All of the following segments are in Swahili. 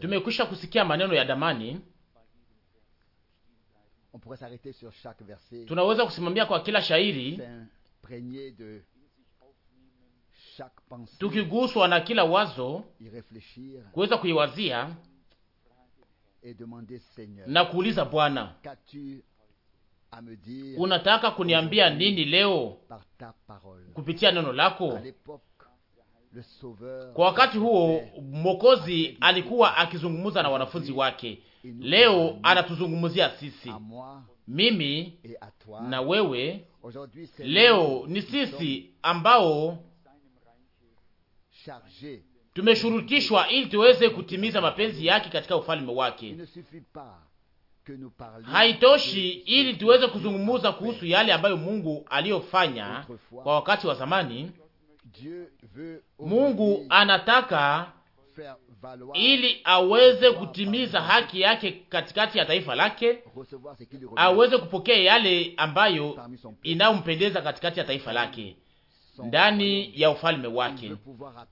Tumekwisha kusikia maneno ya damani. Tunaweza kusimamia kwa kila shairi tukiguswa na kila wazo, kuweza kuiwazia na kuuliza Bwana, unataka kuniambia nini leo kupitia neno lako? Kwa wakati huo Mwokozi alikuwa akizungumza na wanafunzi wake. Leo anatuzungumzia sisi, mimi na wewe. Leo ni sisi ambao tumeshurutishwa ili tuweze kutimiza mapenzi yake katika ufalme wake. Haitoshi ili tuweze kuzungumuza kuhusu yale ambayo Mungu aliyofanya kwa wakati wa zamani, Mungu anataka ili aweze kutimiza haki yake katikati ya taifa lake, aweze kupokea yale ambayo inayompendeza katikati ya taifa lake ndani ya ufalme wake.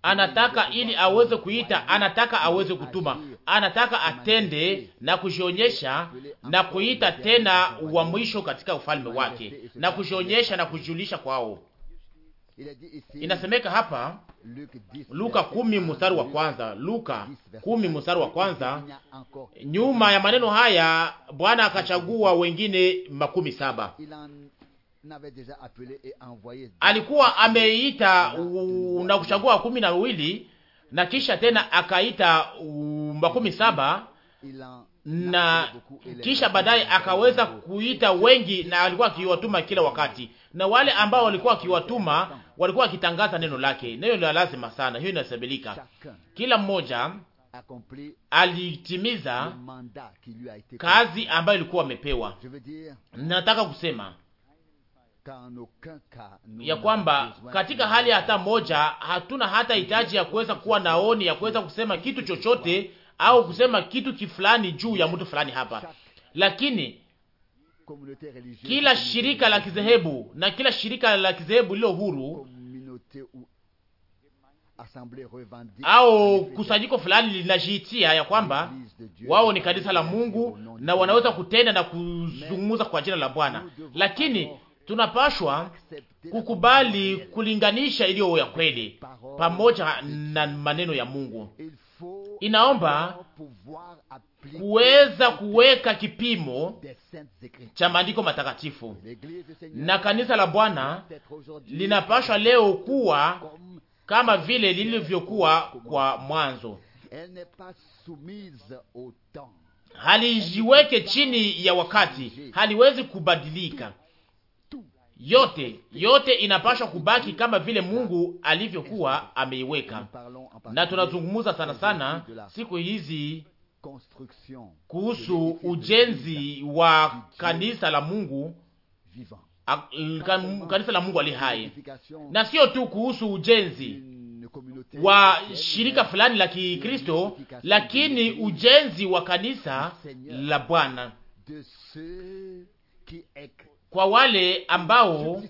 Anataka ili aweze kuita, anataka aweze kutuma, anataka atende na kujionyesha na kuita tena wa mwisho katika ufalme wake na kujionyesha na kujulisha kwao Inasemeka hapa Luka kumi mstari wa kwanza, Luka kumi mstari wa kwanza. Nyuma ya maneno haya Bwana akachagua wengine makumi saba. Alikuwa ameita na kuchagua kumi na wawili na kisha tena akaita makumi saba na kisha baadaye akaweza kuita wengi, na alikuwa akiwatuma kila wakati, na wale ambao walikuwa akiwatuma walikuwa akitangaza neno lake. Neno la lazima sana, hiyo inasabilika. Kila mmoja alitimiza kazi ambayo ilikuwa amepewa. Nataka kusema ya kwamba katika hali hata moja hatuna hata hitaji ya kuweza kuwa naoni ya kuweza kusema kitu chochote au kusema kitu kifulani juu ya mtu fulani hapa, lakini kila shirika la kizehebu na kila shirika la kizehebu lilo huru au kusanyiko fulani linajiitia ya kwamba wao ni kanisa la Mungu na wanaweza kutenda na kuzungumza kwa jina la Bwana, lakini tunapashwa kukubali kulinganisha iliyo ya kweli pamoja na maneno ya Mungu inaomba kuweza kuweka kipimo cha maandiko matakatifu, na kanisa la Bwana linapashwa leo kuwa kama vile lilivyokuwa kwa mwanzo, halijiweke chini ya wakati, haliwezi kubadilika yote yote inapashwa kubaki kama vile Mungu alivyokuwa ameiweka, na tunazungumza sana sana siku hizi kuhusu ujenzi wa kanisa la Mungu, kanisa la Mungu ali hai, na sio tu kuhusu ujenzi wa shirika fulani la Kikristo, lakini ujenzi wa kanisa la Bwana kwa wale ambao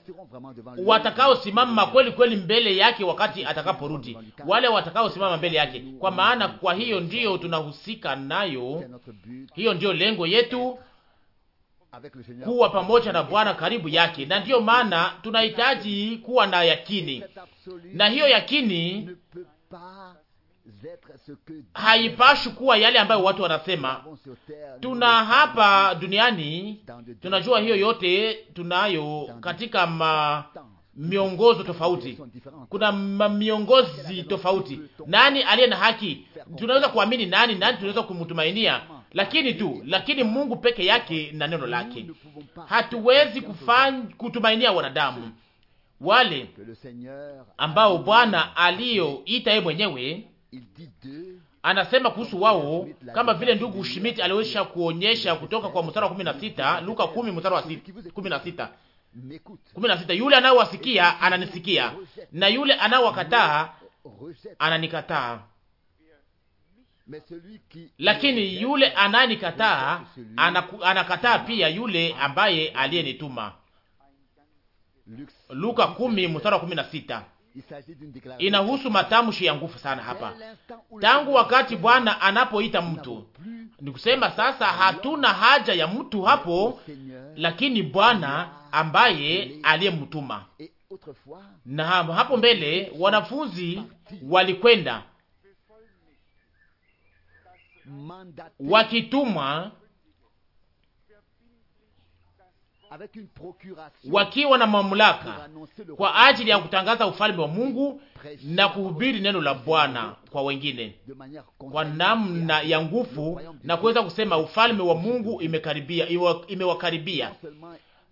watakaosimama kweli kweli mbele yake wakati atakaporudi, wale watakaosimama mbele yake. Kwa maana kwa hiyo ndiyo tunahusika nayo, hiyo ndiyo lengo yetu, kuwa pamoja na Bwana karibu yake, na ndiyo maana tunahitaji kuwa na yakini, na hiyo yakini haipashi kuwa yale ambayo watu wanasema. Tuna hapa duniani, tunajua hiyo yote tunayo katika ma miongozo tofauti, kuna miongozi tofauti. Nani aliye na haki? Tunaweza kuamini nani? Nani tunaweza kumtumainia? Lakini tu lakini Mungu peke yake na neno lake. Hatuwezi kufanya kutumainia wanadamu wale ambao Bwana aliyoita yeye mwenyewe anasema kuhusu wao kama vile ndugu Schmidt aliweza kuonyesha kutoka kwa mstari wa 16 Luka 10 mstari wa 16 16 yule anayewasikia ananisikia na yule anayewakataa ananikataa lakini yule anayenikataa anakataa pia yule ambaye aliyenituma Luka 10 mstari wa 16 Inahusu matamshi ya nguvu sana hapa. Tangu wakati Bwana anapoita mtu, ni kusema sasa hatuna haja ya mtu hapo, lakini Bwana ambaye aliyemtuma. Na hapo mbele wanafunzi walikwenda wakitumwa wakiwa na mamlaka kwa ajili ya kutangaza ufalme wa Mungu na kuhubiri neno la Bwana kwa wengine kwa namna ya nguvu na kuweza kusema ufalme wa Mungu imekaribia, imewakaribia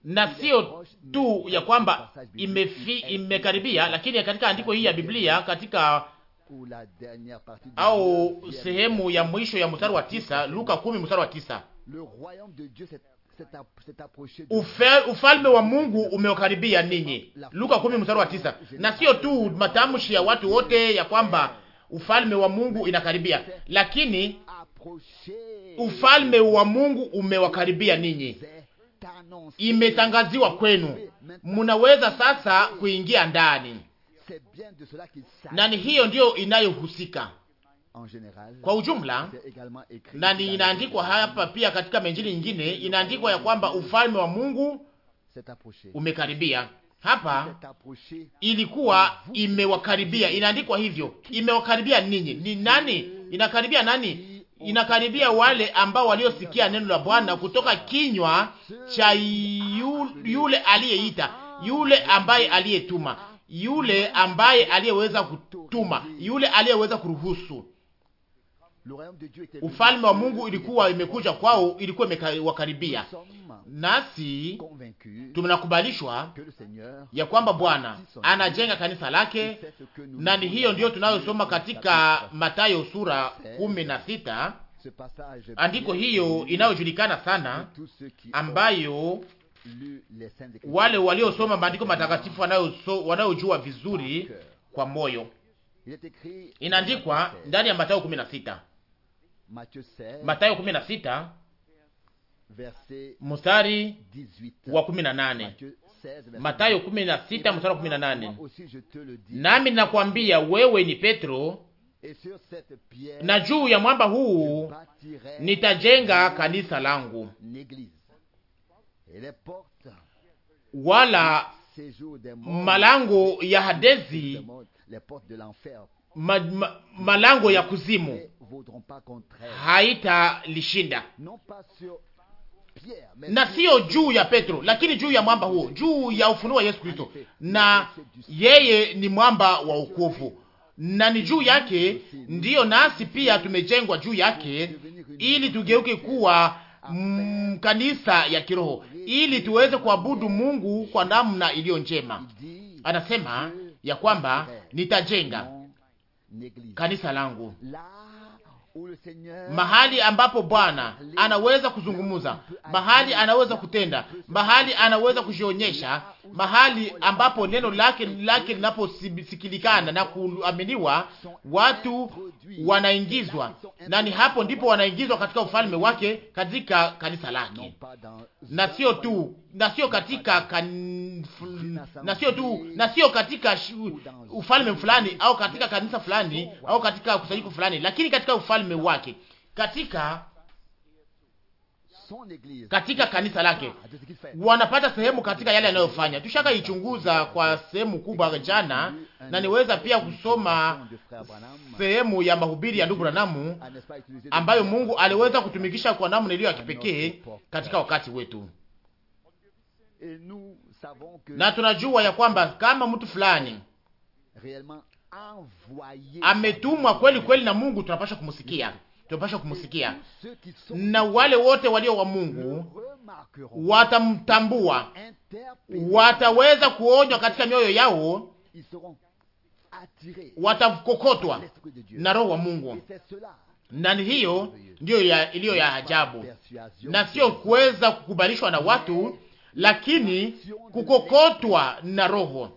na sio tu ya kwamba imefi, imekaribia, lakini katika andiko hii ya Biblia katika au sehemu ya mwisho ya mstari wa tisa, Luka kumi mstari wa tisa ufalme wa Mungu umeokaribia ninyi, Luka kumi mstari wa tisa. Na sio tu matamshi ya watu wote ya kwamba ufalme wa Mungu inakaribia, lakini ufalme wa Mungu umewakaribia ninyi, imetangaziwa kwenu, munaweza sasa kuingia ndani, na ni hiyo ndiyo inayohusika kwa ujumla, na ni inaandikwa hapa pia katika menjili nyingine inaandikwa ya kwamba ufalme wa Mungu umekaribia. Hapa ilikuwa imewakaribia, inaandikwa hivyo, imewakaribia ninyi. Ni nani inakaribia? Nani inakaribia? Wale ambao waliosikia neno la Bwana kutoka kinywa cha yule aliyeita, yule ambaye aliyetuma, yule ambaye aliyeweza kutuma, yule aliyeweza kuruhusu Ufalme wa Mungu ilikuwa imekuja kwao, ilikuwa imewakaribia. Nasi tunakubalishwa ya kwamba Bwana anajenga kanisa lake, na ni hiyo ndiyo tunayosoma katika Mathayo sura kumi na sita andiko hiyo inayojulikana sana, ambayo wale waliosoma maandiko matakatifu wanayojua vizuri kwa moyo. Inaandikwa ndani ya Mathayo kumi na sita Matayo kumi na sita mstari wa kumi na nane Matayo kumi na sita mstari wa kumi na nane Nami nakwambia wewe ni Petro, na juu ya mwamba huu nitajenga kanisa langu, wala malango ya Hadezi ma, ma, malango ya kuzimu haitalishinda, na siyo juu ya Petro, lakini juu ya mwamba huo, juu ya ufunuo wa Yesu Kristo, na yeye ni mwamba wa ukovu na ni juu yake ndiyo nasi pia tumejengwa juu yake, ili tugeuke kuwa kanisa ya kiroho, ili tuweze kuabudu Mungu kwa namna iliyo njema. Anasema ya kwamba nitajenga kanisa langu mahali ambapo Bwana anaweza kuzungumza, mahali anaweza kutenda, mahali anaweza kujionyesha, mahali ambapo neno lake lake linaposikilikana na kuaminiwa, watu wanaingizwa, na ni hapo ndipo wanaingizwa katika ufalme wake, katika kanisa lake, na sio tu na sio katika kan... na sio tu na sio katika sh... ufalme fulani au katika kanisa fulani au katika kusanyiko fulani, lakini katika ufalme ufalme wake katika katika kanisa lake ah, wanapata sehemu katika yale yanayofanya. Tushaka ichunguza kwa sehemu kubwa jana, na niweza pia kusoma sehemu ya mahubiri ya ndugu Branamu ambayo Mungu aliweza kutumikisha kwa namna iliyo ya kipekee katika wakati wetu, na tunajua ya kwamba kama mtu fulani ametumwa kweli kweli na Mungu, tunapasha kumsikia, tunapasha kumsikia, na wale wote walio wa Mungu watamtambua, wataweza kuonywa katika mioyo yao, watakokotwa na roho wa Mungu na ni hiyo ndiyo iliyo ya ajabu, na sio kuweza kukubalishwa na watu, lakini kukokotwa na Roho,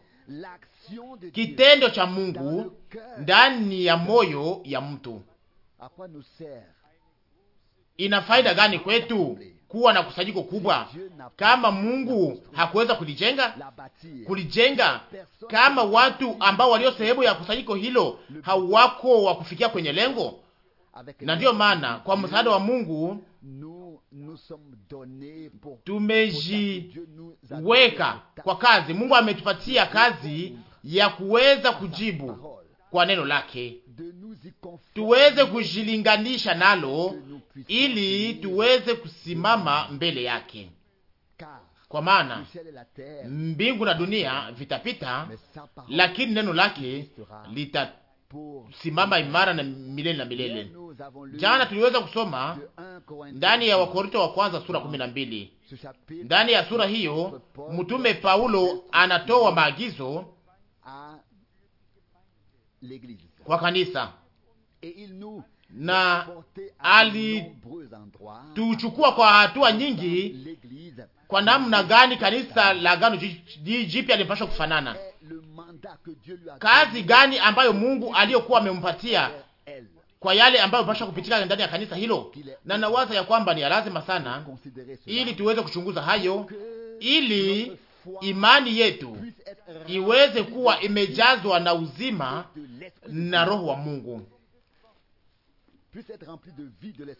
kitendo cha Mungu ndani ya moyo ya mtu. Ina faida gani kwetu kuwa na kusanyiko kubwa kama Mungu hakuweza kulijenga kulijenga, kama watu ambao walio sehemu ya kusanyiko hilo hawako wa kufikia kwenye lengo? Na ndiyo maana kwa msaada wa Mungu tumejiweka kwa kazi. Mungu ametupatia kazi ya kuweza kujibu kwa neno lake, tuweze kujilinganisha nalo ili tuweze kusimama mbele yake, kwa maana mbingu na dunia vitapita, lakini neno lake litasimama imara na milele na milele. Jana tuliweza kusoma ndani ya Wakorinto wa kwanza sura kumi na mbili. Ndani ya sura hiyo mtume Paulo anatoa maagizo kwa kanisa na alituchukua kwa hatua nyingi. Kwa namna gani kanisa la gano Jipya linapaswa kufanana? Kazi gani ambayo Mungu aliyokuwa amempatia kwa yale ambayo pasha kupitika ndani ya kanisa hilo, na nawaza ya kwamba ni lazima sana, ili tuweze kuchunguza hayo, ili imani yetu iweze kuwa imejazwa na uzima na Roho wa Mungu,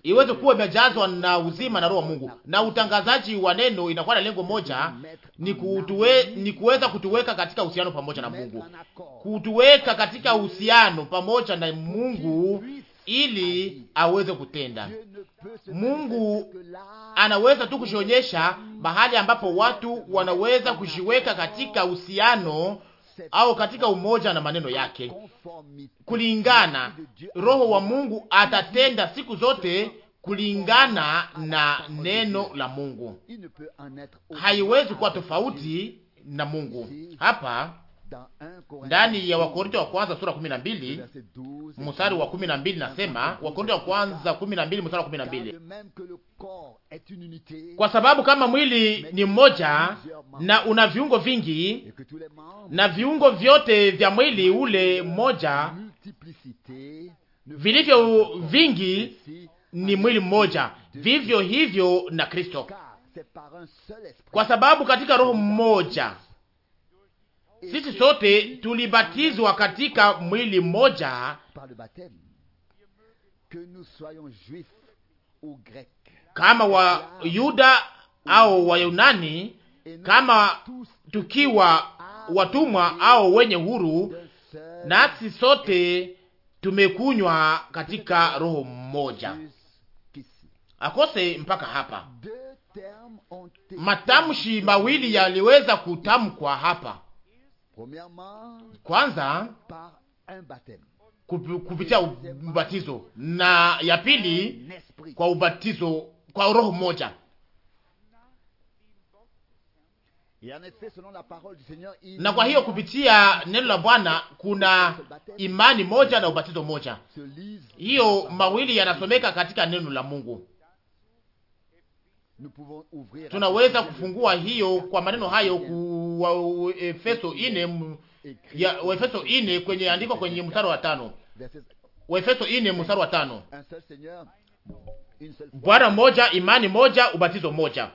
iweze kuwa imejazwa na uzima na Roho wa Mungu. Na utangazaji wa neno inakuwa na lengo moja, ni kutuwe, ni kuweza kutuweka katika uhusiano pamoja na Mungu, kutuweka katika uhusiano pamoja na Mungu ili aweze kutenda. Mungu anaweza tu kujionyesha mahali ambapo watu wanaweza kujiweka katika uhusiano au katika umoja na maneno yake kulingana. Roho wa Mungu atatenda siku zote kulingana na neno la Mungu, haiwezi kuwa tofauti na Mungu. Hapa ndani ya Wakorinto wa kwanza sura 12 mstari wa 12, nasema Wakorinto wa kwanza 12 mstari wa 12, kwa sababu kama mwili ni mmoja na una viungo vingi, na viungo vyote vya mwili ule mmoja vilivyo vingi ni mwili mmoja, vivyo hivyo na Kristo, kwa sababu katika roho mmoja sisi sote tulibatizwa katika mwili mmoja, kama Wayuda au Wayunani, kama tukiwa watumwa au wenye huru, nasi sote tumekunywa katika roho mmoja. Akose mpaka hapa matamshi mawili yaliweza kutamkwa hapa kwanza kupitia ubatizo na ya pili kwa ubatizo kwa roho moja. Na kwa hiyo kupitia neno la Bwana kuna imani moja na ubatizo moja, hiyo mawili yanasomeka katika neno la Mungu. Tunaweza kufungua hiyo kwa maneno hayo ku wa Efeso ine ya Efeso ine kwenye andiko kwenye mstari wa tano Efeso ine mstari wa tano Bwana moja, imani moja, ubatizo moja.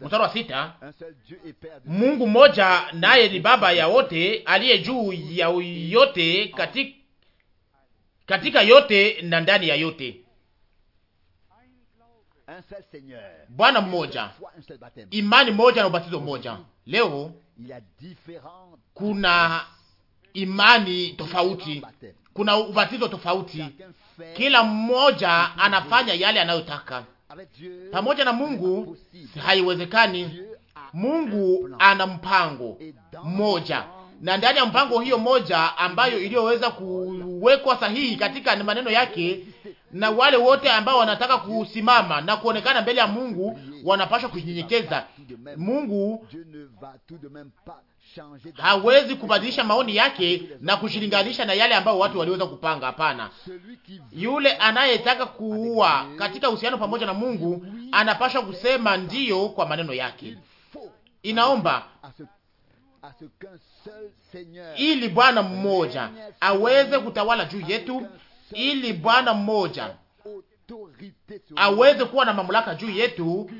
Mstari wa sita Mungu moja, naye ni baba ya wote, aliye juu ya yote, katika, katika yote na ndani ya yote Bwana mmoja, imani moja na ubatizo mmoja. Leo kuna imani tofauti, kuna ubatizo tofauti. Kila mmoja anafanya yale anayotaka. Pamoja na Mungu haiwezekani. Mungu ana mpango mmoja, na ndani ya mpango hiyo moja ambayo iliyoweza kuwekwa sahihi katika maneno yake na wale wote ambao wanataka kusimama na kuonekana mbele ya Mungu wanapaswa kujinyenyekeza. Mungu hawezi kubadilisha maoni yake na kushilinganisha na yale ambayo watu waliweza kupanga. Hapana, yule anayetaka kuua katika uhusiano pamoja na Mungu anapaswa kusema ndiyo kwa maneno yake. Inaomba ili Bwana mmoja aweze kutawala juu yetu ili Bwana mmoja aweze kuwa na mamlaka juu yetu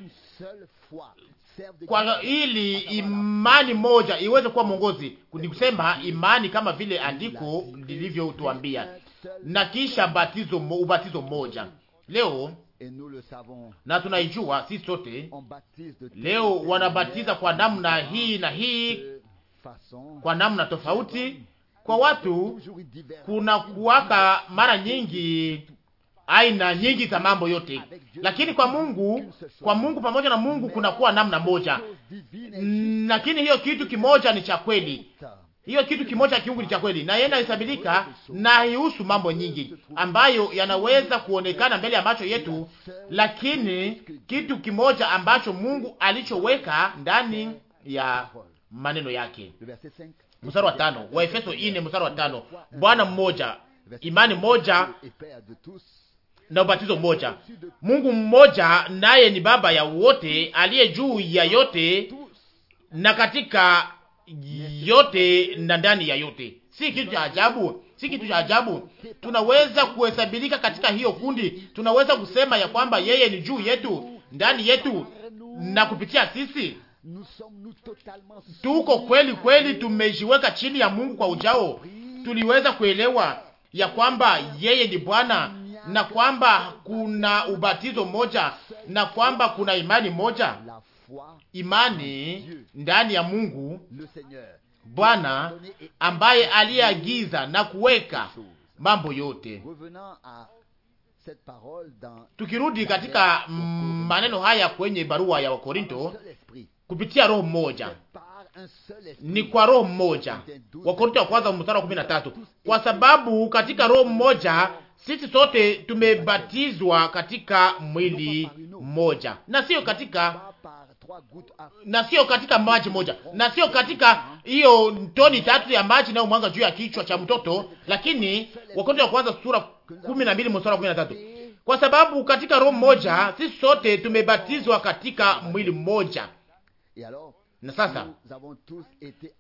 kwa ili imani moja iweze kuwa mwongozi, ni kusema imani kama vile andiko lilivyotuambia, na kisha batizo, ubatizo mmoja leo, na tunaijua sisi sote leo wanabatiza kwa namna hii na hii, kwa namna tofauti kwa watu kuna kuwaka mara nyingi aina nyingi za mambo yote, lakini kwa Mungu, kwa Mungu, pamoja na Mungu kunakuwa namna moja. Lakini hiyo kitu kimoja ni cha kweli, hiyo kitu kimoja kiungu ni cha kweli, na yeye inahesabika na hihusu mambo nyingi ambayo yanaweza kuonekana mbele ya macho yetu, lakini kitu kimoja ambacho Mungu alichoweka ndani ya maneno yake mstari wa tano wa Efeso ine mstari wa tano Bwana mmoja, imani moja na ubatizo mmoja, Mungu mmoja, naye ni baba ya wote, aliye juu ya yote na katika yote na ndani ya yote. Si kitu cha ajabu, si kitu cha ajabu. Tunaweza kuhesabilika katika hiyo kundi, tunaweza kusema ya kwamba yeye ni juu yetu, ndani yetu na kupitia sisi tuko kweli kweli tumejiweka chini ya Mungu kwa ujao. Tuliweza kuelewa ya kwamba yeye ni Bwana na kwamba kuna ubatizo moja na kwamba kuna imani moja, imani ndani ya Mungu Bwana ambaye aliagiza na kuweka mambo yote. Tukirudi katika maneno haya kwenye barua ya Wakorinto, kupitia roho mmoja, ni kwa roho mmoja. Wakorintho wa kwanza mstari wa kumi na tatu. Kwa sababu katika roho mmoja sisi sote tumebatizwa katika mwili mmoja, na sio katika na sio katika maji moja, na sio katika hiyo toni tatu ya maji nayo mwanga juu ya kichwa cha mtoto, lakini Wakorintho wa kwanza sura 12 mstari wa 13, kwa sababu katika roho mmoja sisi sote tumebatizwa katika mwili mmoja na sasa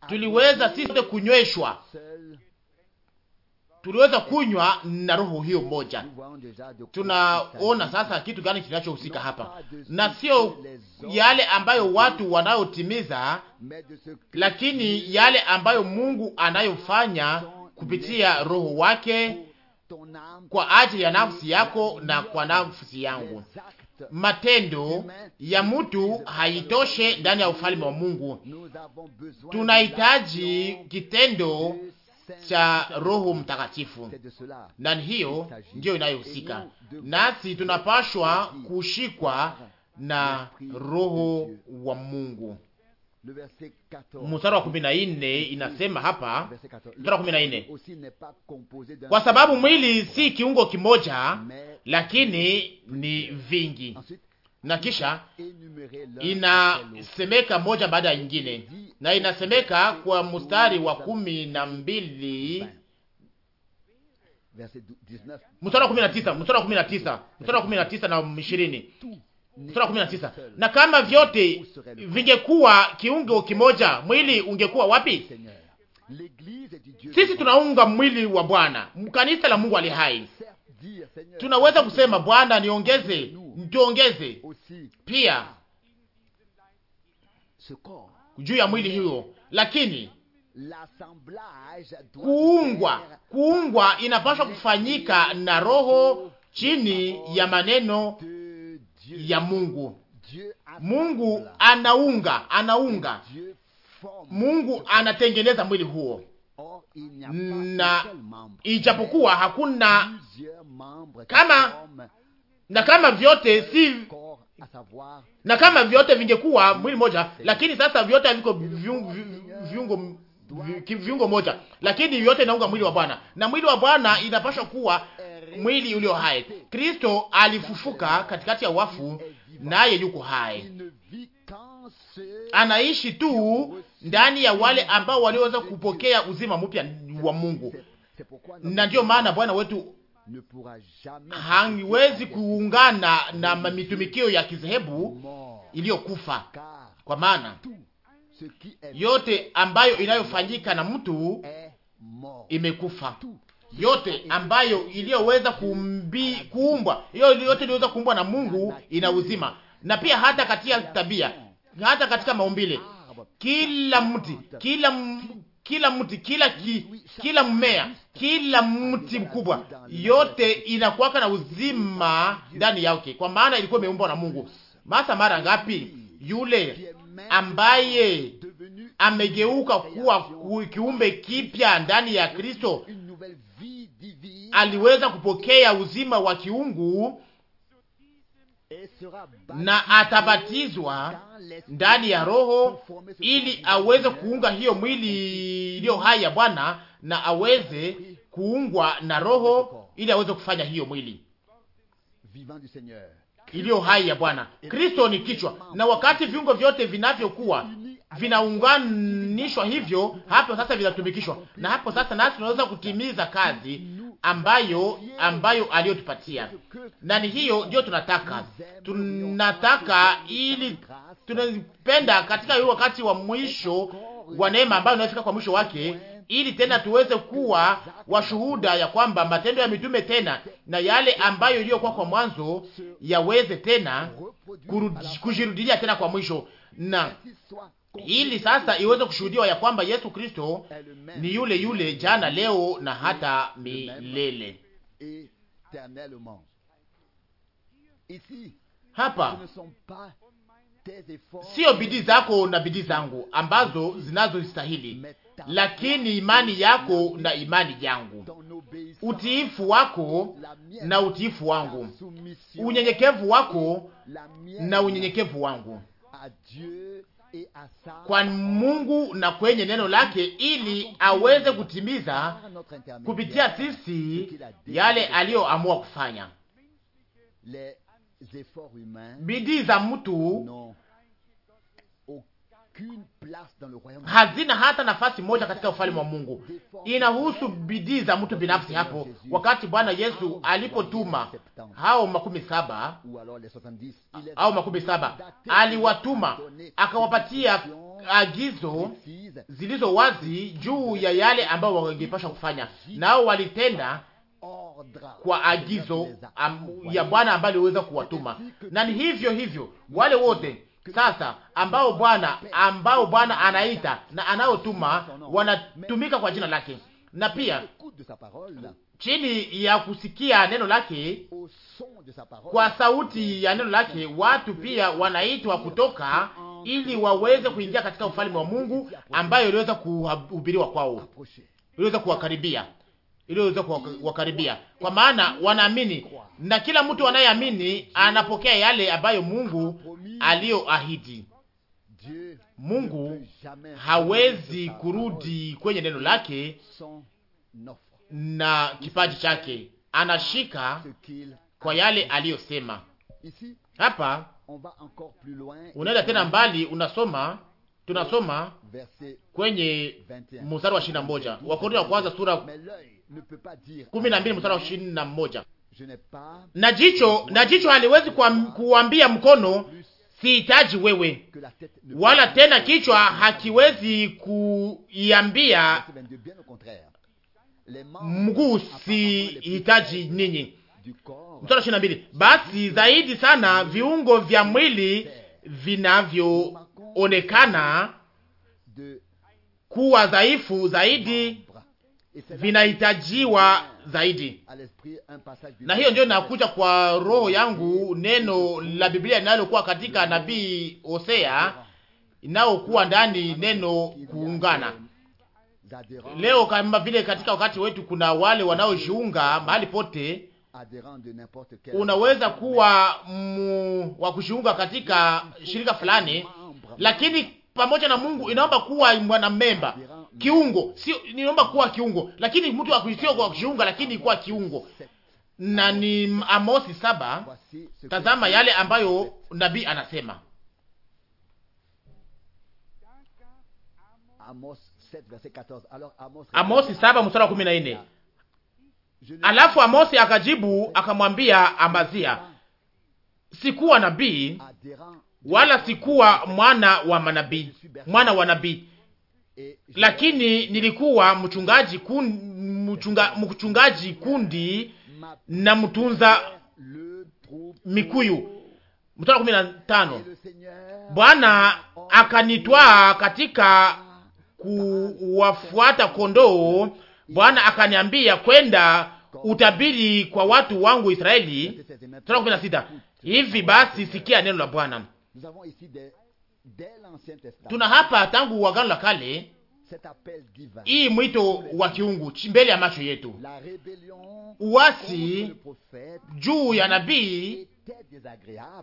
tuliweza sisi kunyweshwa, tuliweza kunywa na roho hiyo moja. Tunaona sasa kitu gani kinachohusika hapa, na sio yale ambayo watu wanayotimiza, lakini yale ambayo Mungu anayofanya kupitia roho wake kwa ajili ya nafsi yako na kwa nafsi yangu matendo ya mtu haitoshe ndani ya ufalme wa Mungu. Tunahitaji kitendo cha Roho Mtakatifu, na hiyo ndiyo inayohusika nasi. Tunapashwa kushikwa na Roho wa Mungu mstari wa kumi na nne inasema hapa, mstari wa kumi na nne kwa sababu mwili si kiungo kimoja, lakini ni vingi. Na kisha inasemeka moja baada ya nyingine, na inasemeka kwa mstari wa kumi na mbili mstari wa kumi na tisa mstari wa kumi na tisa mstari wa kumi na tisa na ishirini sura kumi na tisa. Na kama vyote vingekuwa kiungo kimoja, mwili ungekuwa wapi? Sisi tunaunga mwili wa Bwana, mkanisa la Mungu ali hai. Tunaweza kusema Bwana, niongeze, tuongeze pia juu ya mwili huo, lakini kuungwa kuungwa inapaswa kufanyika na Roho chini ya maneno ya Mungu. Mungu anaunga, anaunga, Mungu anatengeneza mwili huo, na ijapokuwa hakuna kama na kama vyote si na kama vyote vingekuwa mwili moja, lakini sasa vyote haviko viungo, viungo, viungo moja, lakini vyote inaunga mwili wa Bwana, na mwili wa Bwana inapaswa kuwa mwili ulio hai. Kristo alifufuka katikati ya wafu, naye yuko hai, anaishi tu ndani ya wale ambao waliweza kupokea uzima mpya wa Mungu, na ndiyo maana Bwana wetu hangiwezi kuungana na mitumikio ya kizehebu iliyokufa, kwa maana yote ambayo inayofanyika na mtu imekufa yote ambayo iliyoweza kuumbwa, hiyo yote iliyoweza kuumbwa na Mungu ina uzima, na pia hata katika tabia, hata katika maumbile, kila mti, kila m kila mti kila ki, kila mmea kila mti mkubwa yote inakuwaka na uzima ndani yake, kwa maana ilikuwa imeumbwa na Mungu. Masa mara ngapi yule ambaye amegeuka kuwa kiumbe kipya ndani ya Kristo aliweza kupokea uzima wa kiungu na atabatizwa ndani ya Roho ili aweze kuunga hiyo mwili iliyo hai ya Bwana na aweze kuungwa na Roho ili aweze kufanya hiyo mwili iliyo hai ya Bwana. Kristo ni kichwa, na wakati viungo vyote vinavyokuwa vinaunganishwa hivyo, hapo sasa vinatumikishwa, na hapo sasa nasi tunaweza kutimiza kazi ambayo ambayo aliyotupatia, na ni hiyo ndiyo tunataka tunataka, ili tunapenda katika hiyo wakati wa mwisho wa neema ambayo inafika kwa mwisho wake, ili tena tuweze kuwa washuhuda ya kwamba matendo ya mitume tena na yale ambayo iliyokuwa kwa mwanzo yaweze tena kujirudilia tena kwa mwisho na ili sasa iweze kushuhudiwa ya kwamba Yesu Kristo ni yule yule jana, leo na hata milele. Hapa siyo bidii zako na bidii zangu ambazo zinazostahili, lakini imani yako na imani yangu, utiifu wako na utiifu wangu, unyenyekevu wako na unyenyekevu wangu kwa Mungu na kwenye neno lake, ili aweze kutimiza kupitia sisi yale aliyoamua kufanya. Bidii za mtu hazina hata nafasi moja katika ufalme wa Mungu. Inahusu bidii za mtu binafsi. Hapo wakati Bwana Yesu alipotuma hao makumi saba au makumi saba aliwatuma akawapatia agizo zilizo wazi juu ya yale ambayo wangepasha kufanya, nao walitenda kwa agizo ya Bwana ambaye aliweza kuwatuma, na ni hivyo hivyo wale wote sasa ambao Bwana ambao Bwana anaita na anaotuma wanatumika kwa jina lake, na pia chini ya kusikia neno lake, kwa sauti ya neno lake, watu pia wanaitwa kutoka ili waweze kuingia katika ufalme wa Mungu ambayo iliweza kuhubiriwa kwao, iliweza kuwakaribia iliyoweza kuwakaribia, kwa maana wanaamini, na kila mtu anayeamini anapokea yale ambayo Mungu aliyoahidi. Mungu hawezi kurudi kwenye neno lake na kipaji chake, anashika kwa yale aliyosema. Hapa unaenda tena mbali, unasoma tunasoma kwenye mstari wa ishirini na moja Wakorintho wa kwanza sura kumi na mbili mstari wa ishirini na moja na jicho na jicho haliwezi kuambia mkono sihitaji wewe, wala tena kichwa hakiwezi kuiambia mguu sihitaji ninyi. Mstari ishirini na mbili. Basi zaidi sana viungo vya mwili vinavyoonekana kuwa dhaifu zaidi vinahitajiwa zaidi, na hiyo ndio inakuja kwa roho yangu neno la Biblia linalokuwa katika nabii Hosea inayokuwa ndani neno kuungana. Leo kama vile katika wakati wetu kuna wale wanaojiunga mahali pote, unaweza kuwa wa kujiunga katika shirika fulani, lakini pamoja na Mungu inaomba kuwa mwanamemba kiungo, sio niomba kuwa kiungo, lakini mtu akuisio kwa kujiunga, lakini kuwa kiungo. Na ni Amosi saba. Tazama yale ambayo nabii anasema Amosi saba mstari wa kumi na nne. Alafu Amosi akajibu akamwambia Amazia, sikuwa nabii wala sikuwa mwana wa manabii, mwana wa nabii, lakini nilikuwa mchungaji kundi, mchunga, mchungaji kundi na mtunza mikuyu. Mstari kumi na tano, Bwana akanitwaa katika kuwafuata kondoo. Bwana akaniambia kwenda utabiri kwa watu wangu Israeli. Mstari kumi na sita, hivi basi sikia neno la Bwana. Tuna hapa tangu wagano la Kale hii mwito wa kiungu mbele ya macho yetu, uwasi juu ya nabii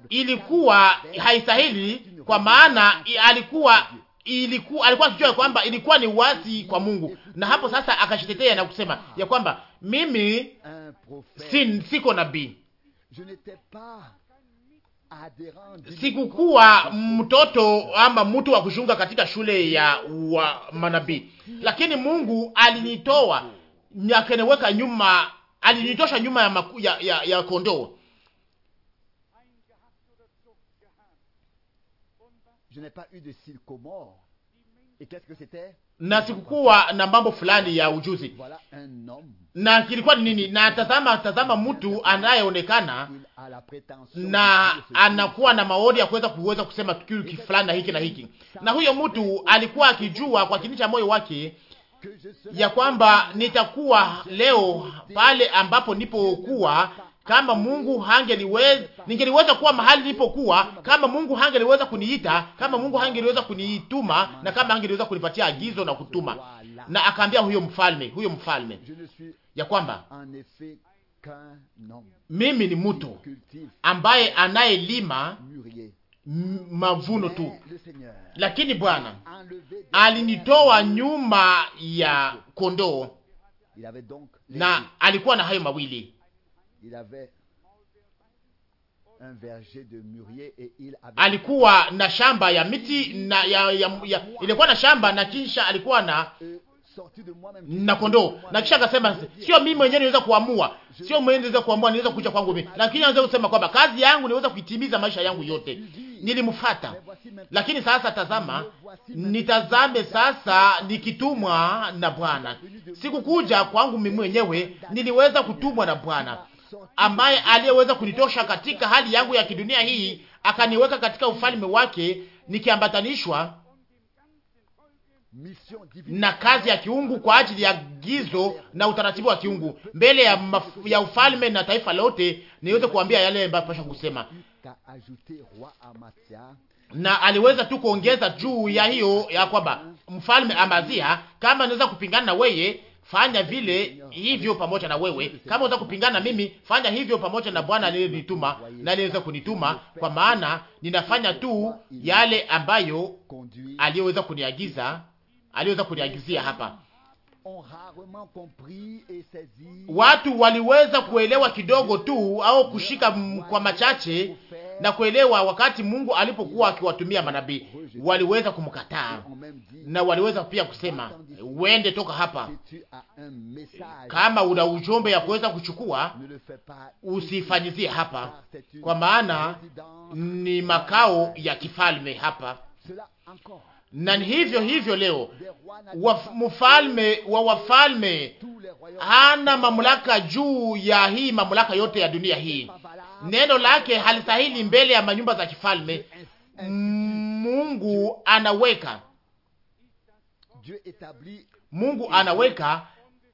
ilikuwa haistahili, kwa maana alikuwa ilikuwa alikuwa akijua ya kwamba ilikuwa ni uwasi kwa Mungu, na hapo sasa akashitetea na kusema ya kwamba mimi sin, siko nabii sikukuwa mtoto ama mtu wa kushunga katika shule ya wa manabii, lakini Mungu alinitoa akaniweka nyuma, alinitosha nyuma ya, maku, ya, ya, ya kondoo. Je n'ai pas eu de na sikukuwa na mambo fulani ya ujuzi. Na kilikuwa ni nini? Na tazama, tazama mtu anayeonekana na anakuwa na maoni ya kuweza kuweza kusema kitu fulani na hiki na hiki, na huyo mtu alikuwa akijua kwa kini cha moyo wake ya kwamba nitakuwa leo pale ambapo nipokuwa kama Mungu hangeliweza, ningeliweza kuwa mahali nilipokuwa. Kama Mungu hangeliweza kuniita, kama Mungu hangeliweza kunituma, na kama hangeliweza kunipatia agizo na kutuma, na akaambia huyo mfalme, huyo mfalme ya kwamba mimi ni mtu ambaye anayelima mavuno tu, lakini Bwana alinitoa nyuma ya kondoo, na alikuwa na hayo mawili Il avait un verger de mûrier et il avait... alikuwa na shamba ya miti na ya, ya, ya, ilikuwa na shamba na kisha alikuwa na na kondoo na kisha akasema, sio mimi mwenyewe niweza kuamua, sio mwenyewe niweza kuamua, niweza kuja kwangu mimi, lakini anaweza kusema kwamba kazi yangu niweza kuitimiza maisha yangu yote. Nilimfuata, lakini sasa tazama, nitazame sasa, nikitumwa na Bwana. Sikukuja kwangu mimi mwenyewe, niliweza kutumwa na Bwana ambaye aliyeweza kunitosha katika hali yangu ya kidunia hii, akaniweka katika ufalme wake, nikiambatanishwa na kazi ya kiungu kwa ajili ya gizo na utaratibu wa kiungu mbele ya, ya ufalme na taifa lote, niweze kuambia yale ambayo pasha kusema na aliweza tu kuongeza juu ya hiyo ya kwamba mfalme Amazia, kama anaweza kupingana na weye fanya vile hivyo pamoja na wewe. Kama unataka kupingana na mimi, fanya hivyo pamoja na Bwana aliyenituma na aliyeweza kunituma, kwa maana ninafanya tu yale ambayo aliyeweza kuniagiza, aliyeweza kuniagizia hapa. Watu waliweza kuelewa kidogo tu au kushika kwa machache na kuelewa wakati Mungu alipokuwa akiwatumia manabii, waliweza kumkataa na waliweza pia kusema uende toka hapa, kama una ujumbe ya kuweza kuchukua usifanyizie hapa, kwa maana ni makao ya kifalme hapa na ni hivyo hivyo leo waf, mfalme wa wafalme hana mamlaka juu ya hii mamlaka yote ya dunia hii, neno lake halistahili mbele ya manyumba za kifalme. Mungu anaweka, Mungu anaweka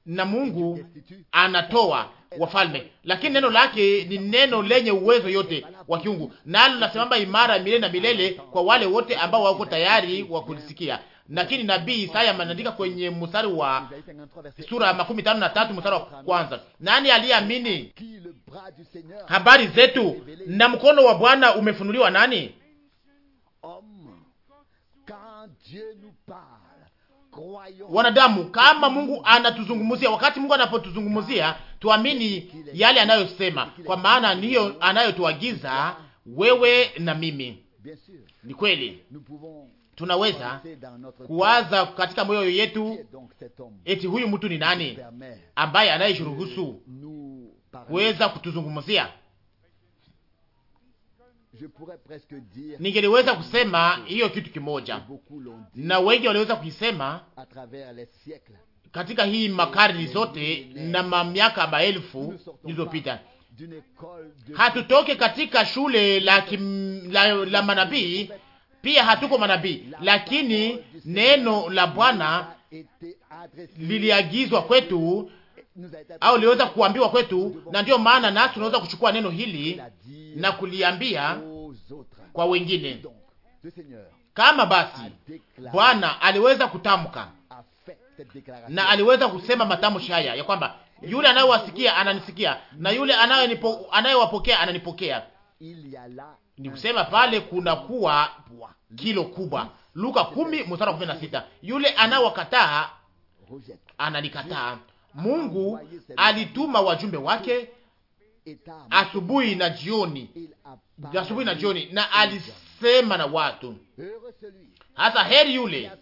na Mungu anatoa wafalme, lakini neno lake ni neno lenye uwezo yote wa kiungu, nalo nasimama imara milele na milele kwa wale wote ambao wako tayari wa kulisikia. Lakini nabii Isaya anaandika kwenye mstari wa sura makumi tano na tatu mstari wa kwanza, nani aliyeamini habari zetu na mkono wa Bwana umefunuliwa nani? Wanadamu, kama Mungu anatuzungumzia, wakati Mungu anapotuzungumzia, tuamini yale anayosema, kwa maana niyo anayotuagiza wewe na mimi. Ni kweli tunaweza kuwaza katika moyo yetu eti huyu mtu ni nani ambaye anayeshuruhusu kuweza kutuzungumzia? Ningeliweza kusema hiyo kitu kimoja, na wengi waliweza kuisema katika hii makarni zote na mamiaka maelfu zilizopita. Hatutoke katika shule la, la, la manabii pia hatuko manabii, lakini neno la Bwana liliagizwa kwetu au liweza kuambiwa kwetu, na ndiyo maana nasi tunaweza kuchukua neno hili na kuliambia kwa wengine. Kama basi Bwana aliweza kutamka na aliweza kusema matamshi haya ya kwamba yule anayewasikia ananisikia na yule anayewapokea ananipokea ni kusema pale kuna kuwa kilo kubwa. Luka kumi mstari wa kumi na sita yule anawakataa analikataa. Mungu alituma wajumbe wake asubuhi na jioni, asubuhi na jioni, na alisema na watu hasa, heri yule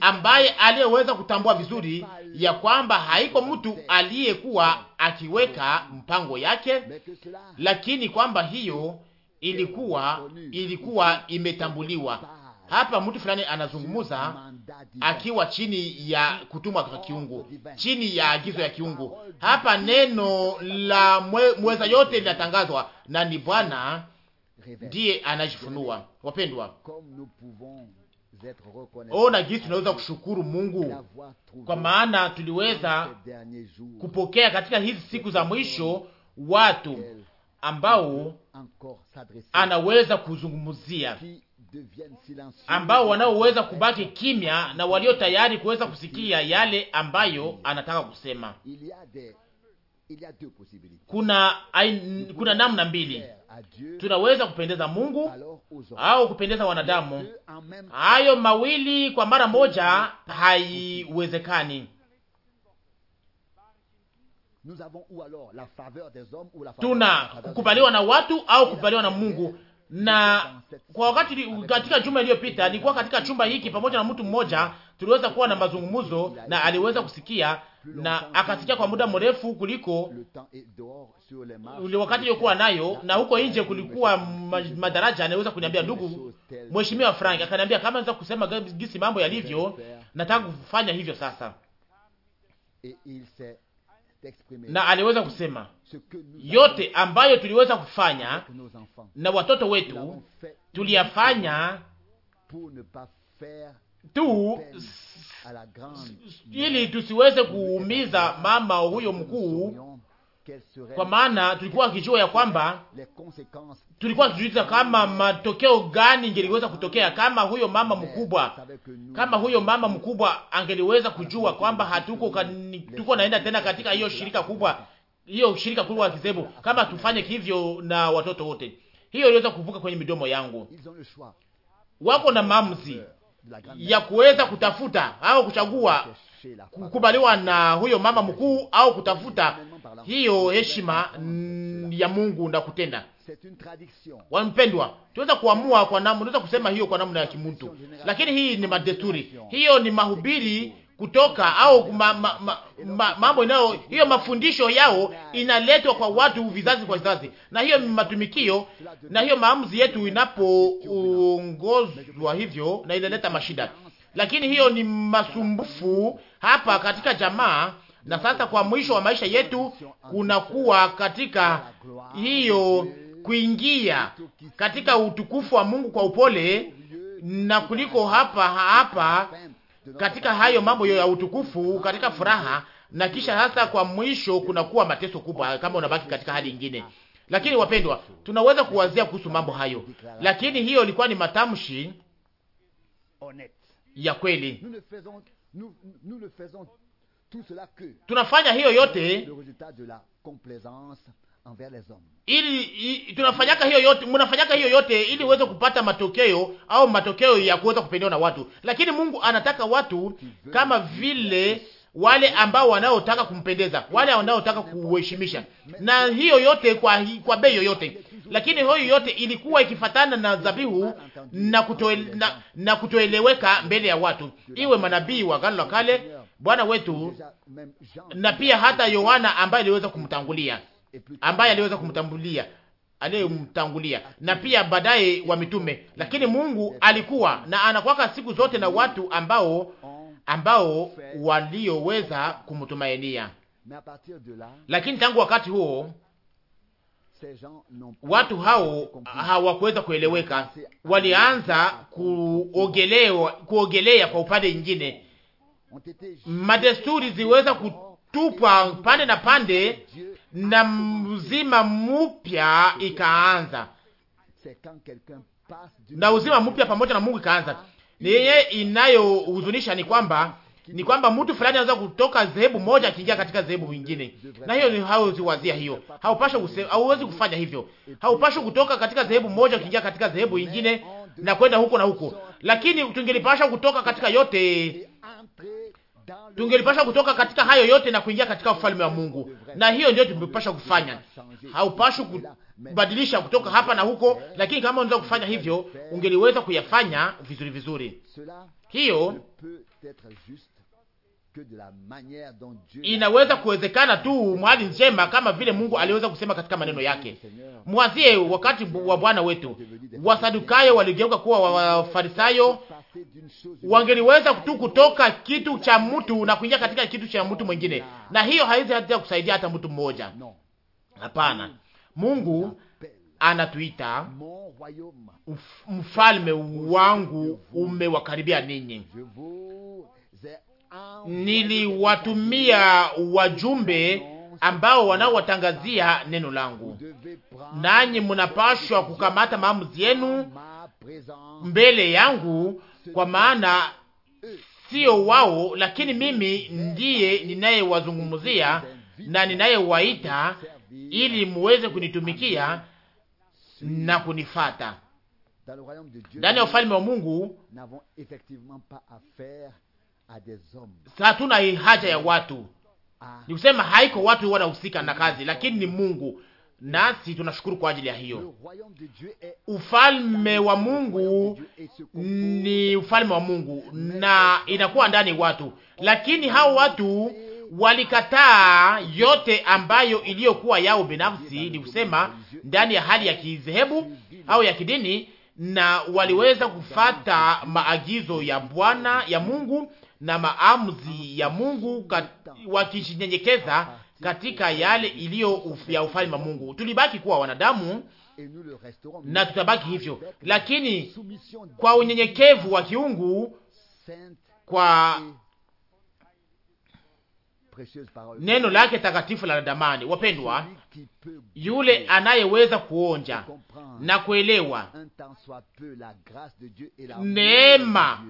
ambaye aliyeweza kutambua vizuri ya kwamba haiko mtu aliyekuwa akiweka mpango yake, lakini kwamba hiyo ilikuwa ilikuwa imetambuliwa. Hapa mtu fulani anazungumuza akiwa chini ya kutumwa kwa kiungu, chini ya agizo ya kiungu. Hapa neno la mwe, mweza yote linatangazwa na ni Bwana ndiye anajifunua. Wapendwa, ona jinsi tunaweza kushukuru Mungu kwa maana tuliweza kupokea katika hizi siku za mwisho watu ambao anaweza kuzungumzia, ambao wanaoweza kubaki kimya na walio tayari kuweza kusikia yale ambayo anataka kusema. Kuna, ain, kuna namna mbili tunaweza kupendeza Mungu au kupendeza wanadamu. Hayo mawili kwa mara moja haiwezekani tuna kukubaliwa na watu au kukubaliwa na Mungu. Na kwa wakati katika juma iliyopita nilikuwa katika chumba hiki pamoja na mtu mmoja, tuliweza kuwa na mazungumzo na aliweza kusikia na akasikia kwa muda mrefu kuliko ule wakati uliokuwa nayo, na huko nje kulikuwa madaraja. Anaweza kuniambia ndugu mheshimiwa Frank, akaniambia kama naweza kusema gisi mambo yalivyo, nataka kufanya hivyo sasa na aliweza kusema yote ambayo tuliweza kufanya na watoto wetu tuliyafanya tu ili tusiweze kuumiza mama huyo mkuu kwa maana tulikuwa akijua ya kwamba tulikuwa tukijuliza kama matokeo gani ingeliweza kutokea kama huyo mama mkubwa, kama huyo mama mkubwa angeliweza kujua kwamba hatuko tuko naenda tena katika hiyo shirika kubwa, hiyo shirika kubwa ya kizebu, kama tufanye hivyo na watoto wote. Hiyo iliweza kuvuka kwenye midomo yangu. Wako na maamuzi, euh, ya kuweza kutafuta au kuchagua kukubaliwa na huyo mama mkuu au kutafuta hiyo heshima ya Mungu na kutenda. Wampendwa, tunaweza kuamua kwa namna, tunaweza kusema hiyo kwa namna ya kimuntu, lakini hii ni madesturi, hiyo ni mahubiri kutoka au ma, ma, ma, ma, mambo inayo hiyo mafundisho yao inaletwa kwa watu vizazi kwa vizazi, na hiyo matumikio na hiyo maamuzi yetu inapoongozwa hivyo, na inaleta mashida, lakini hiyo ni masumbufu hapa katika jamaa. Na sasa kwa mwisho wa maisha yetu kunakuwa katika hiyo kuingia katika utukufu wa Mungu kwa upole na kuliko hapa hapa katika hayo mambo ya utukufu, katika furaha, na kisha hasa kwa mwisho kunakuwa mateso kubwa kama unabaki katika hali ingine. Lakini wapendwa, tunaweza kuwazia kuhusu mambo hayo, lakini hiyo ilikuwa ni matamshi ya kweli. Tunafanya hiyo yote ili tunafanyaka hiyo yote, mnafanyaka hiyo yote ili uweze kupata matokeo au matokeo ya kuweza kupendewa na watu, lakini Mungu anataka watu kama vile wale ambao wanaotaka kumpendeza, wale wanaotaka kuheshimisha, na hiyo yote kwa, kwa bei yoyote. Lakini hiyo yote ilikuwa ikifatana na dhabihu na, kutoe, na, na kutoeleweka mbele ya watu, iwe manabii wa Agano la Kale, Bwana wetu na pia hata Yohana ambaye aliweza kumtangulia ambaye aliweza kumtambulia aliyemtangulia na pia baadaye wa mitume, lakini Mungu alikuwa na anakuwaka siku zote na watu ambao ambao walioweza kumtumainia. Lakini tangu wakati huo watu hao hawakuweza kueleweka, walianza kuogelewa, kuogelea kwa upande ingine, madesturi ziweza kutupwa pande na pande na uzima mpya ikaanza, na uzima mpya pamoja na Mungu ikaanza. Ni yeye inayohuzunisha ni kwamba ni kwamba mtu fulani anaweza kutoka dhehebu moja akiingia katika dhehebu nyingine, na hiyo ni hauwezi wazia hiyo, haupashe hauwezi kufanya hivyo, haupashe kutoka katika dhehebu moja akiingia katika dhehebu nyingine na kwenda huko na huko, lakini tungelipasha kutoka katika yote tungelipasha kutoka katika hayo yote na kuingia katika ufalme wa Mungu, na hiyo ndio tumepasha kufanya. Haupashi kubadilisha kutoka hapa na huko, lakini kama unaweza kufanya hivyo, ungeliweza kuyafanya vizuri vizuri. Hiyo Inaweza kuwezekana tu mwali njema kama vile Mungu aliweza kusema katika maneno yake. Mwazie wakati wa Bwana wetu, Wasadukayo waligeuka kuwa Wafarisayo, wangeliweza tu kutoka kitu cha mtu na kuingia katika kitu cha mtu mwingine, na hiyo haizi hata kusaidia hata mtu mmoja. Hapana, Mungu anatuita mfalme wangu umewakaribia ninyi niliwatumia wajumbe ambao wanaowatangazia neno langu, nanyi munapashwa kukamata maamuzi yenu mbele yangu, kwa maana sio wao, lakini mimi ndiye ninayewazungumzia na ninayewaita ili muweze kunitumikia na kunifata ndani ya ufalme wa Mungu hatuna haja ya watu, ah. ni kusema haiko watu wanahusika na kazi, lakini ni Mungu, nasi tunashukuru kwa ajili ya hiyo. Ufalme wa Mungu ni ufalme wa Mungu na inakuwa ndani watu, lakini hao watu walikataa yote ambayo iliyokuwa yao binafsi, ni kusema ndani ya hali ya kidhehebu au ya kidini, na waliweza kufata maagizo ya Bwana ya Mungu na maamuzi ya Mungu wakijinyenyekeza katika yale iliyo ya ufalme wa Mungu. Tulibaki kuwa wanadamu na tutabaki hivyo, lakini kwa unyenyekevu wa kiungu, kwa neno lake takatifu la damani. Wapendwa, yule anayeweza kuonja na kuelewa neema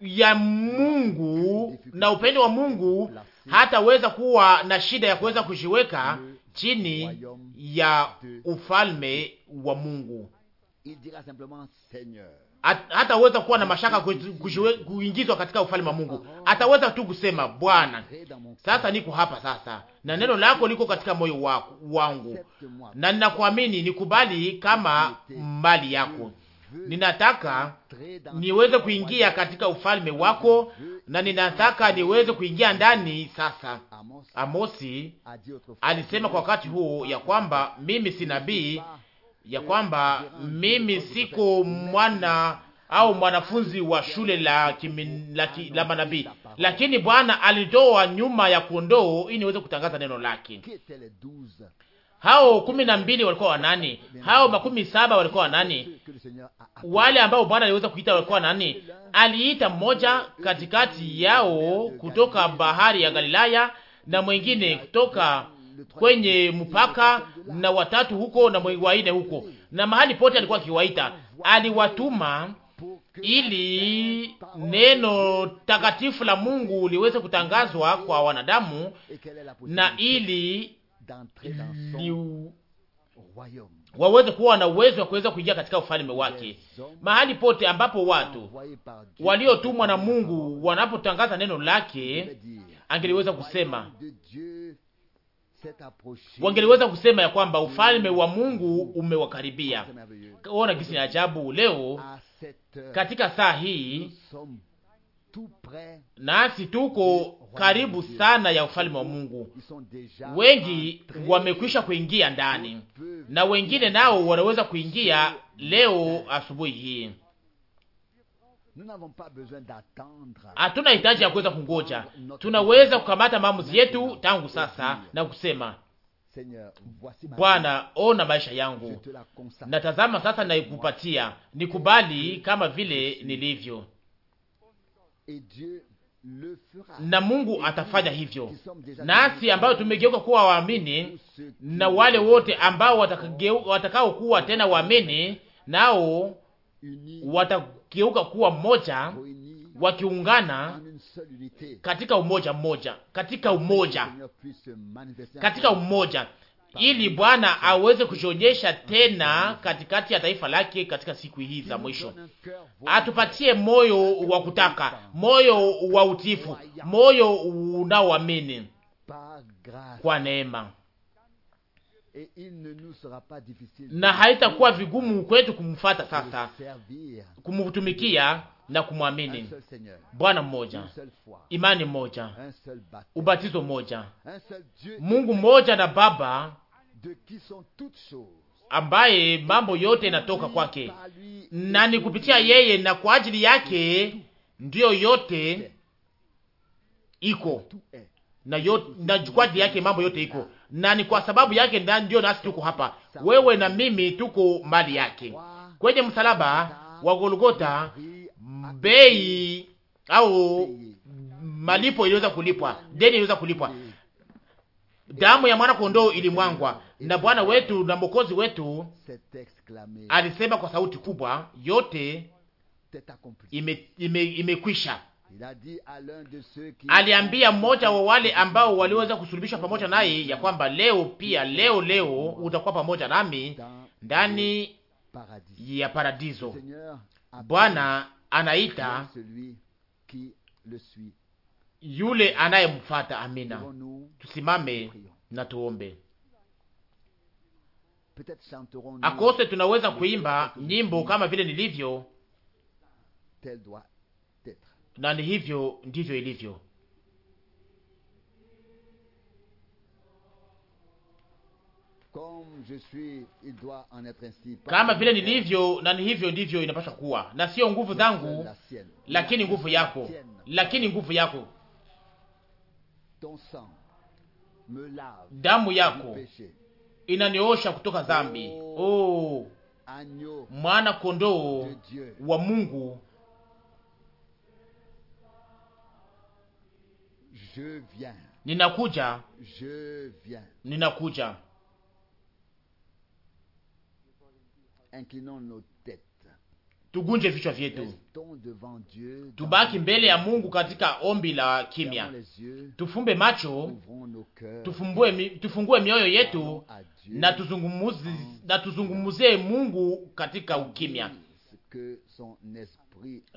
ya Mungu na upendo wa Mungu hataweza kuwa na shida ya kuweza kujiweka chini ya ufalme wa Mungu. Hataweza kuwa na mashaka kuingizwa katika ufalme wa Mungu. Ataweza tu kusema Bwana, sasa niko hapa sasa, na neno lako liko katika moyo wangu, na ninakuamini, nikubali kama mali yako ninataka niweze kuingia katika ufalme wako, na ninataka niweze kuingia ndani sasa. Amosi alisema kwa wakati huu ya kwamba mimi si nabii, ya kwamba mimi siko mwana au mwanafunzi wa shule la, la, ki, la manabii, lakini Bwana alitoa nyuma ya kondoo ili niweze kutangaza neno lake. Hao kumi na mbili walikuwa wanani? Hao makumi saba walikuwa wanani? Wale ambao Bwana aliweza kuita walikuwa nani? Aliita mmoja katikati yao kutoka bahari ya Galilaya na mwingine kutoka kwenye mpaka na watatu huko na waine huko, na mahali pote alikuwa akiwaita. Aliwatuma ili neno takatifu la Mungu liweze kutangazwa kwa wanadamu na ili waweze kuwa na uwezo wa kuweza kuingia katika ufalme wake. Mahali pote ambapo watu waliotumwa na Mungu wanapotangaza neno lake, angeliweza kusema wangeliweza kusema ya kwamba ufalme wa Mungu umewakaribia. Ona gisi ni ajabu leo katika saa hii nasi tuko karibu sana ya ufalme wa Mungu. Wengi wamekwisha kuingia ndani na wengine nao wanaweza kuingia leo asubuhi hii. Hatuna hitaji ya kuweza kungoja, tunaweza kukamata maamuzi yetu tangu sasa na kusema Bwana, ona maisha yangu, natazama sasa, naikupatia nikubali kama vile nilivyo na Mungu atafanya hivyo nasi, ambayo tumegeuka kuwa waamini, na wale wote ambao kuwa tena waamini, nao watageuka kuwa mmoja, wakiungana katika umoja mmoja, katika umoja, katika umoja, ili Bwana aweze kujionyesha tena katikati ya taifa lake katika siku hii za mwisho. Atupatie moyo wa kutaka, moyo wa utifu, moyo unaoamini kwa neema, na haitakuwa vigumu kwetu kumfata sasa, kumutumikia na kumwamini Bwana mmoja, imani moja, ubatizo moja, Mungu mmoja na Baba ambaye mambo yote inatoka kwake, na ni kupitia yeye na kwa ajili yake ndiyo yote iko na yote, na kwa ajili yake mambo yote iko, na ni kwa sababu yake ndiyo nasi tuko hapa, wewe na mimi tuko mali yake kwenye msalaba wa Golgota. Bei au malipo iliweza kulipwa, deni iliweza kulipwa, damu ya mwana kondoo ilimwangwa, na Bwana wetu na Mwokozi wetu alisema kwa sauti kubwa, yote imekwisha ime, ime aliambia mmoja wa wale ambao waliweza kusulubishwa pamoja naye ya kwamba leo pia leo leo utakuwa pamoja nami ndani ya paradiso. Bwana anaita yule anayemfuata. Amina, tusimame na tuombe. Akose tunaweza kuimba nyimbo kama vile nilivyo na ni hivyo ndivyo ilivyo. Kama vile nilivyo na ni hivyo ndivyo inapaswa kuwa, na sio nguvu zangu, lakini nguvu yako, lakini nguvu yako damu yako inaniosha kutoka dhambi. Oh, oh. mwana kondoo wa Mungu, ninakuja, ninakuja tugunje vichwa vyetu, tubaki mbele ya Mungu katika ombi la kimya, tufumbe macho, tufumbue, tufungue mioyo yetu na tuzungumuze, na tuzungumuze Mungu katika ukimya,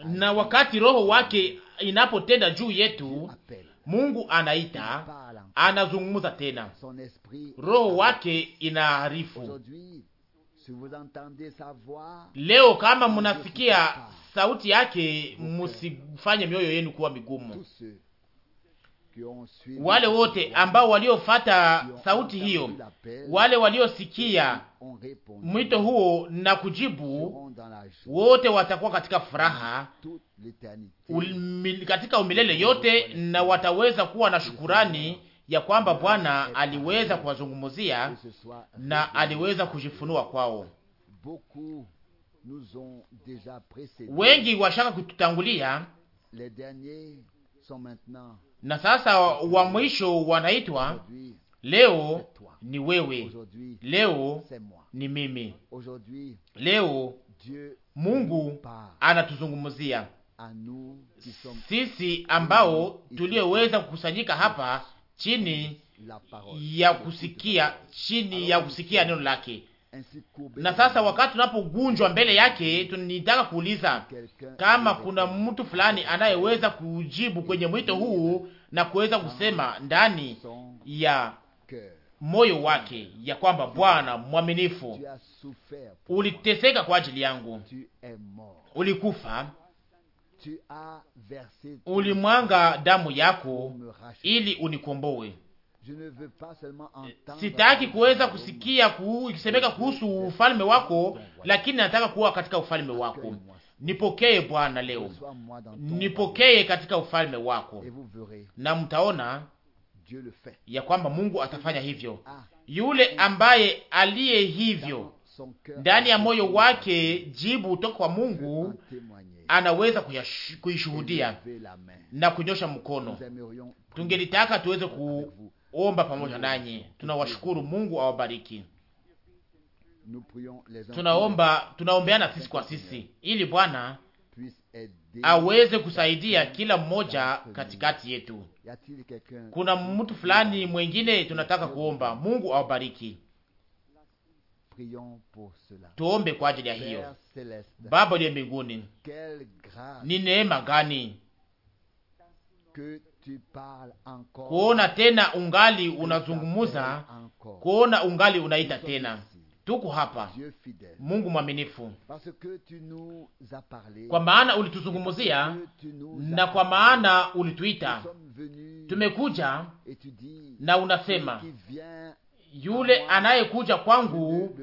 na wakati roho wake inapotenda juu yetu, Mungu anaita, anazungumuza tena, roho wake inaarifu Leo kama munasikia sauti yake, musifanye mioyo yenu kuwa migumu. Wale wote ambao waliofata sauti hiyo, wale waliosikia mwito huo na kujibu, wote watakuwa katika furaha katika umilele yote, na wataweza kuwa na shukurani ya kwamba Bwana aliweza kuwazungumzia na aliweza kujifunua kwao. Wengi washaka kututangulia na sasa wa mwisho wanaitwa leo ni wewe, leo ni mimi. Leo Mungu anatuzungumzia sisi ambao tulioweza kukusanyika hapa chini ya kusikia, chini ya kusikia neno lake. Na sasa wakati tunapogunjwa mbele yake, tunitaka kuuliza kama kuna mtu fulani anayeweza kujibu kwenye mwito huu na kuweza kusema ndani ya moyo wake ya kwamba Bwana mwaminifu, uliteseka kwa ajili yangu, ulikufa ulimwanga damu yako ili unikomboe. Eh, sitaki kuweza kusikia ikisemeka kuhusu ufalme wako, lakini nataka kuwa katika ufalme wako. Nipokee Bwana leo, nipokee katika ufalme wako, na mtaona ya kwamba Mungu atafanya hivyo. Yule ambaye aliye hivyo ndani ya moyo wake jibu toka kwa Mungu anaweza kuishuhudia na kunyosha mkono. Tungelitaka tuweze kuomba pamoja nanyi. Tunawashukuru, Mungu awabariki. Tunaomba, tunaombeana sisi kwa sisi, ili Bwana aweze kusaidia kila mmoja katikati yetu. Kuna mtu fulani mwengine tunataka kuomba. Mungu awabariki. Tuombe kwa ajili ya hiyo. Baba uliye mbinguni, ni neema gani kuona tena ungali unazungumuza, kuona ungali unaita tena. Tuko hapa, Mungu mwaminifu, kwa maana ulituzungumuzia na kwa maana ulituita, tumekuja na unasema, yule anayekuja kwangu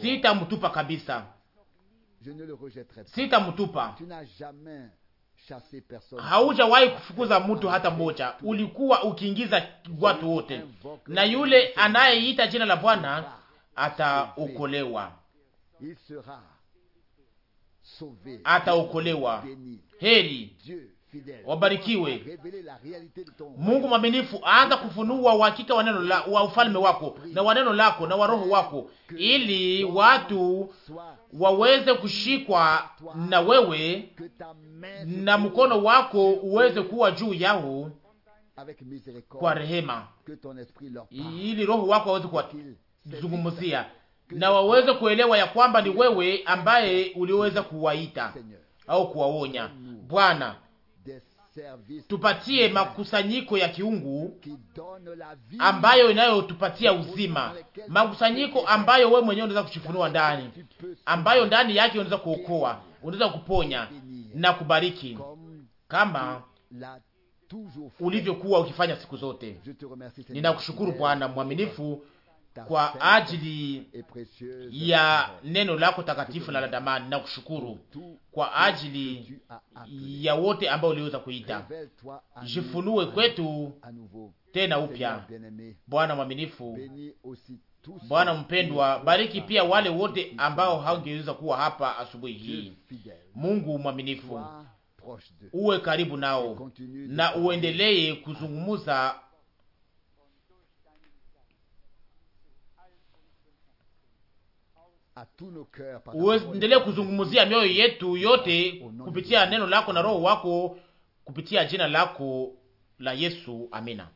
sitamtupa kabisa Je ne le rejetterai pas. Sitamtupa. Tu n'as jamais chassé personne. Haujawahi kufukuza mtu hata mmoja, ulikuwa ukiingiza watu wote, na yule anayeita jina la Bwana ataokolewa, ataokolewa. Heri Wabarikiwe Mungu mwaminifu, anza kufunua uhakika wa neno la wa ufalme wako na wa neno lako na wa roho wako, ili watu waweze kushikwa na wewe na mkono wako uweze kuwa juu yao kwa rehema, ili roho wako waweze kuwazungumzia na waweze kuelewa ya kwamba ni wewe ambaye uliweza kuwaita au kuwaonya Bwana tupatie makusanyiko ya kiungu ambayo inayotupatia uzima, makusanyiko ambayo wewe mwenyewe unaweza kuchifunua ndani, ambayo ndani yake unaweza kuokoa, unaweza kuponya na kubariki kama ulivyokuwa ukifanya siku zote. Ninakushukuru Bwana mwaminifu kwa ajili ya neno lako takatifu na la damani, na kushukuru kwa ajili ya wote ambao uliweza kuita. Jifunue kwetu tena upya, Bwana mwaminifu, Bwana mpendwa, bariki pia wale wote ambao hawangeweza kuwa hapa asubuhi hii. Mungu mwaminifu, uwe karibu nao na uendelee kuzungumza uendelee kuzungumzia mioyo yetu yote kupitia neno lako na roho wako kupitia jina lako la Yesu. Amina.